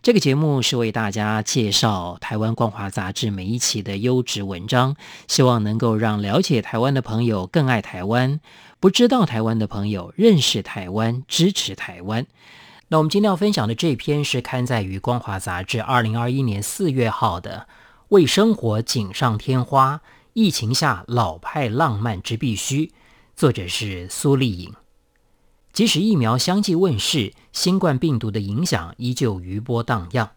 這個節目是為大家介紹台灣光華雜誌每一期的優質文章，希望能夠讓了解台灣的朋友更愛台灣，不知道台灣的朋友認識台灣，支持台灣。那我們今天要分享的這篇是刊載於《光華雜誌》2021年4月號的《為生活錦上添花：疫情下老派浪漫之必須》，作者是蘇俐穎。即使疫苗相繼問世，新冠病毒的影響依舊餘波盪漾。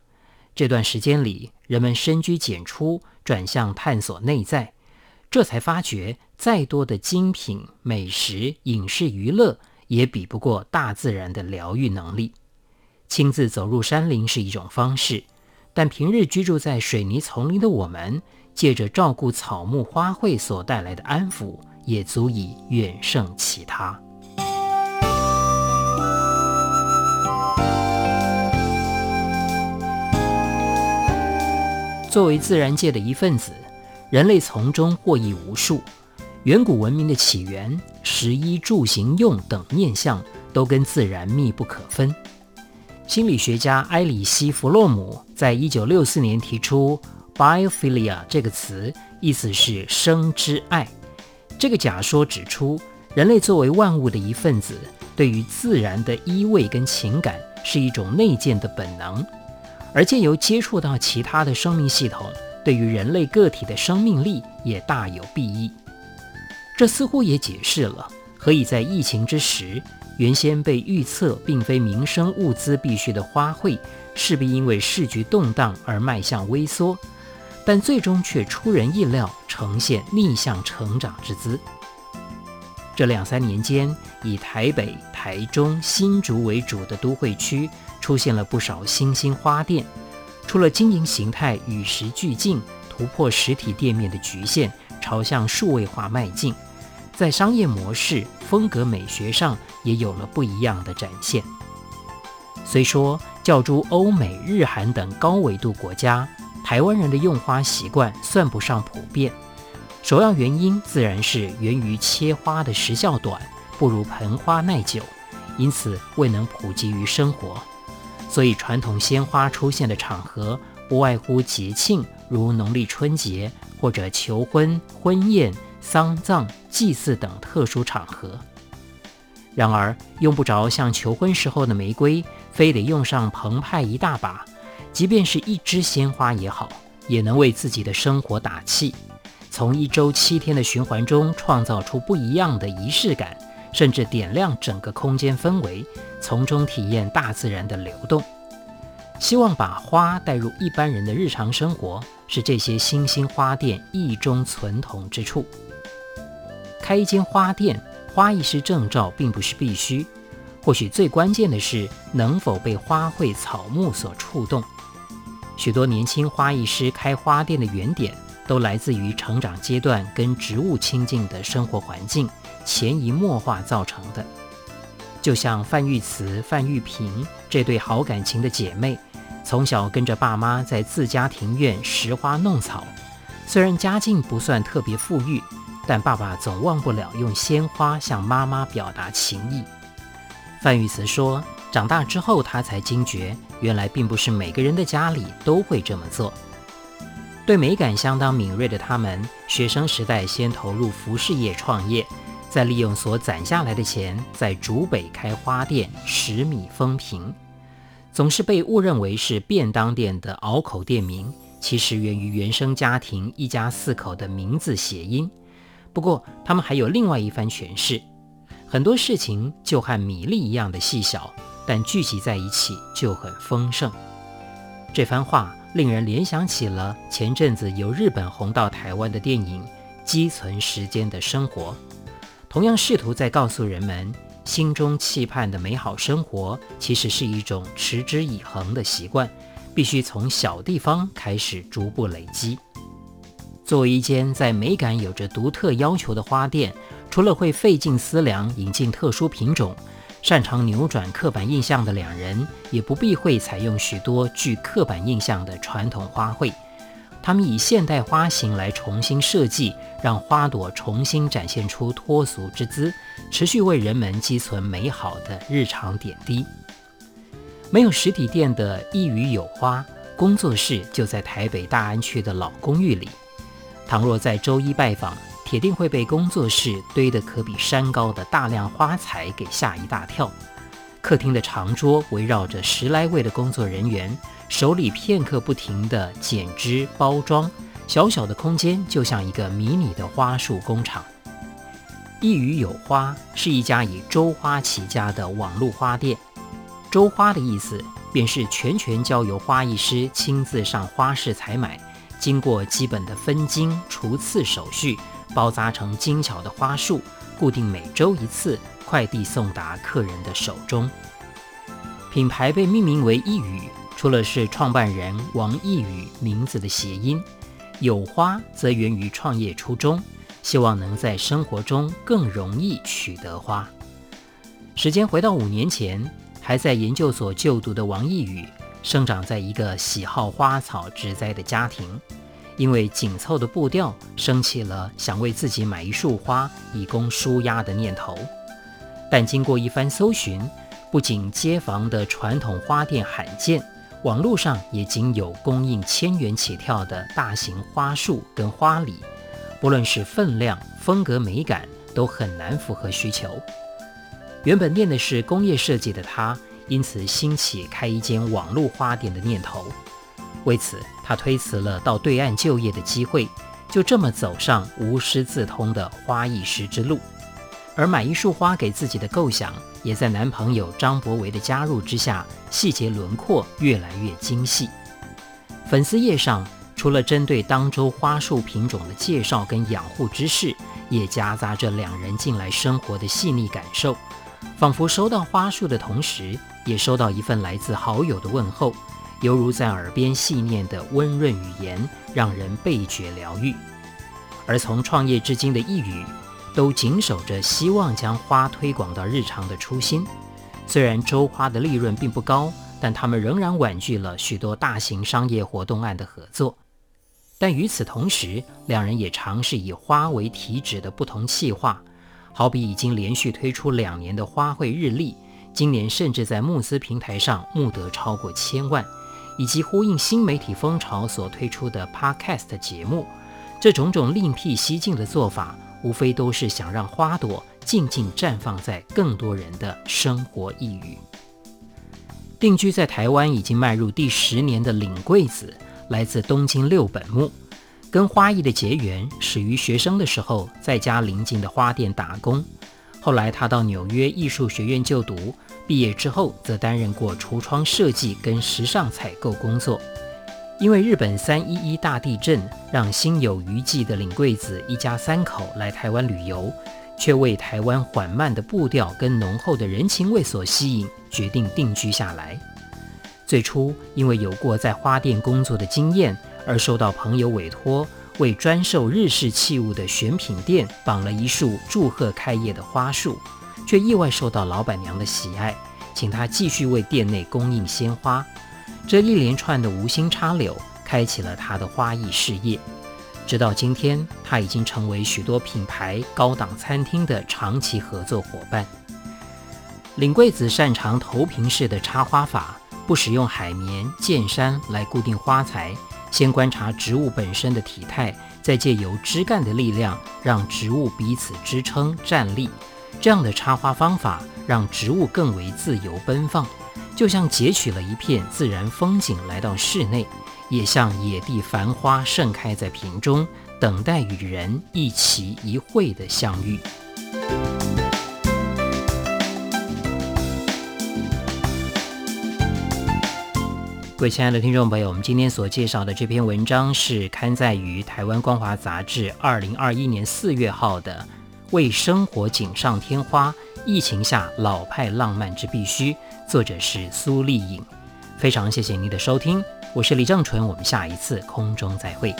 這段時間裡，人們深居簡出，轉向探索內在，這才發覺，再多的精品美食、影視娛樂，也比不過大自然的療癒能力。親自走入山林是一種方式，但平日居住在水泥叢林的我們，借着照顧草木花卉所帶來的安撫，也足以遠勝其他。作為自然界的一份子，人類從中獲益無數。遠古文明的起源、食衣住行用等面向，都跟自然密不可分。心理學家埃里希·弗洛姆在一九六四年提出 Biophilia, “biophilia” 這個詞，意思是“生之愛”。這個假說指出，人類作為萬物的一份子，對於自然的依偎跟情感，是一種內建的本能。而借由接觸到其他的生命系統，對於人類個體的生命力也大有裨益。這似乎也解釋了何以在疫情之時，原先被預測並非民生物資必需的花卉，勢必因為世局動盪而邁向萎縮，但最終卻出人意料呈現逆向成長之姿。這兩三年間，以台北、台中、新竹為主的都會區出現了不少新興花店，除了經營形態與時俱進，突破實體店面的局限，朝向數位化邁進，在商業模式、風格美學上也有了不一樣的展現。雖說較諸歐美、日韓等高緯度國家，台灣人的用花習慣算不上普遍。首要原因自然是源於切花的時效短，不如盆花耐久，因此未能普及於生活。所以，傳統鮮花出現的場合不外乎節慶，如農曆春節，或者求婚、婚宴、喪葬、祭祀等特殊場合。然而，用不着像求婚時候的玫瑰，非得用上澎湃一大把，即便是一枝鮮花也好，也能為自己的生活打氣。從一周七天的循環中創造出不一樣的儀式感，甚至點亮整個空間氛圍，從中體驗大自然的流動。希望把花帶入一般人的日常生活，是這些新興花店異中存同之處。開一間花店，花藝師證照並不是必須，或許最關鍵的是能否被花卉草木所觸動。許多年輕花藝師開花店的原點，都來自於成長階段跟植物親近的生活環境，潛移默化造成的。就像范玉慈、范玉萍這對好感情的姐妹，從小跟着爸媽在自家庭院拾花弄草。雖然家境不算特別富裕，但爸爸總忘不了用鮮花向媽媽表達情意。范玉慈說：“長大之後，她才驚覺，原來並不是每個人的家裡都會這麼做。”對美感相當敏銳的他們，學生時代先投入服飾業創業，再利用所攢下來的錢在竹北開花店、拾米豐平，總是被誤認為是便當店的拗口店名，其實源於原生家庭一家四口的名字諧音。不過他們還有另外一番詮釋：很多事情就和米粒一樣的細小，但聚集在一起就很豐盛。這番話。令人聯想起了前陣子由日本紅到台灣的電影《積存時間的生活》，同樣試圖在告訴人們，心中期盼的美好生活，其實是一種持之以恆的習慣，必須從小地方開始，逐步累積。作為一間在美感有着獨特要求的花店，除了會費盡思量引進特殊品種。擅長扭轉刻板印象的兩人，也不避諱採用許多具刻板印象的傳統花卉。他們以現代花型來重新設計，讓花朵重新展現出脫俗之姿，持續為人們積存美好的日常點滴。沒有實體店的一隅有花工作室就在台北大安區的老公寓裡。倘若在周一拜訪。鐵定會被工作室堆得可比山高的大量花材給嚇一大跳。客廳的長桌圍繞着十來位的工作人員，手裡片刻不停的剪枝、包裝，小小的空間就像一個迷你的花束工廠。一隅有花是一家以周花起家的網絡花店，周花的意思便是全權交由花藝師親自上花市採買。經過基本的分莖除刺手續，包扎成精巧的花束，固定每周一次快遞送達客人的手中。品牌被命名為“一語”，除了是創辦人王一語名字的諧音，有花則源於創業初衷，希望能在生活中更容易取得花。時間回到五年前，還在研究所就讀的王一語。生長在一個喜好花草植栽的家庭，因為緊湊的步調，升起了想為自己買一束花以供舒壓的念頭。但經過一番搜尋，不僅街坊的傳統花店罕見，網絡上也僅有供應千元起跳的大型花束跟花禮，不論是分量、風格、美感，都很難符合需求。原本念的是工業設計的他。因此興起開一間網絡花店的念頭，為此他推辭了到對岸就業的機會，就這麼走上無師自通的花藝師之路。而買一束花給自己的構想，也在男朋友張博維的加入之下，細節輪廓越來越精細。粉絲頁上除了針對當周花束品種的介紹跟養護知識，也夾雜着兩人近來生活的細膩感受，仿佛收到花束的同時。也收到一份來自好友的問候，猶如在耳邊細念的溫潤語言，讓人倍覺療癒。而從創業至今的一語，都謹守着希望將花推廣到日常的初心。雖然周花的利潤並不高，但他們仍然婉拒了許多大型商業活動案的合作。但與此同時，兩人也嘗試以花為題旨的不同企劃，好比已經連續推出兩年的花卉日曆。今年甚至在募資平台上募得超過千萬，以及呼應新媒體風潮所推出的 Podcast 節目，這種種另闢蹊徑的做法，無非都是想讓花朵靜靜綻放在更多人的生活一隅。定居在台灣已經邁入第十年的嶺貴子，來自東京六本木，跟花藝的結緣始於學生的時候，在家鄰近的花店打工。後來，他到紐約藝術學院就讀，畢業之後則擔任過櫥窗設計跟時尚採購工作。因為日本三一一大地震，讓心有餘悸的嶺貴子一家三口來台灣旅遊，卻為台灣緩慢的步調跟濃厚的人情味所吸引，決定定居下來。最初，因為有過在花店工作的經驗，而受到朋友委託。為專售日式器物的選品店綁了一束祝賀開業的花束，卻意外受到老板娘的喜愛，請她繼續為店內供應鮮花。這一連串的無心插柳，開啟了她的花藝事業。直到今天，她已經成為許多品牌高檔餐廳的長期合作伙伴。嶺貴子擅長投屏式的插花法，不使用海綿、劍山來固定花材。先觀察植物本身的體態，再借由枝幹的力量，讓植物彼此支撐站立。這樣的插花方法讓植物更為自由奔放，就像截取了一片自然風景來到室內，也像野地繁花盛開在瓶中，等待與人一期一會的相遇。各位親愛的聽眾朋友，我們今天所介紹的這篇文章是刊載於台灣光華雜誌二零二一年四月號的《為生活錦上添花：疫情下老派浪漫之必須》，作者是蘇俐穎。非常謝謝您的收聽，我是李正淳，我們下一次空中再會。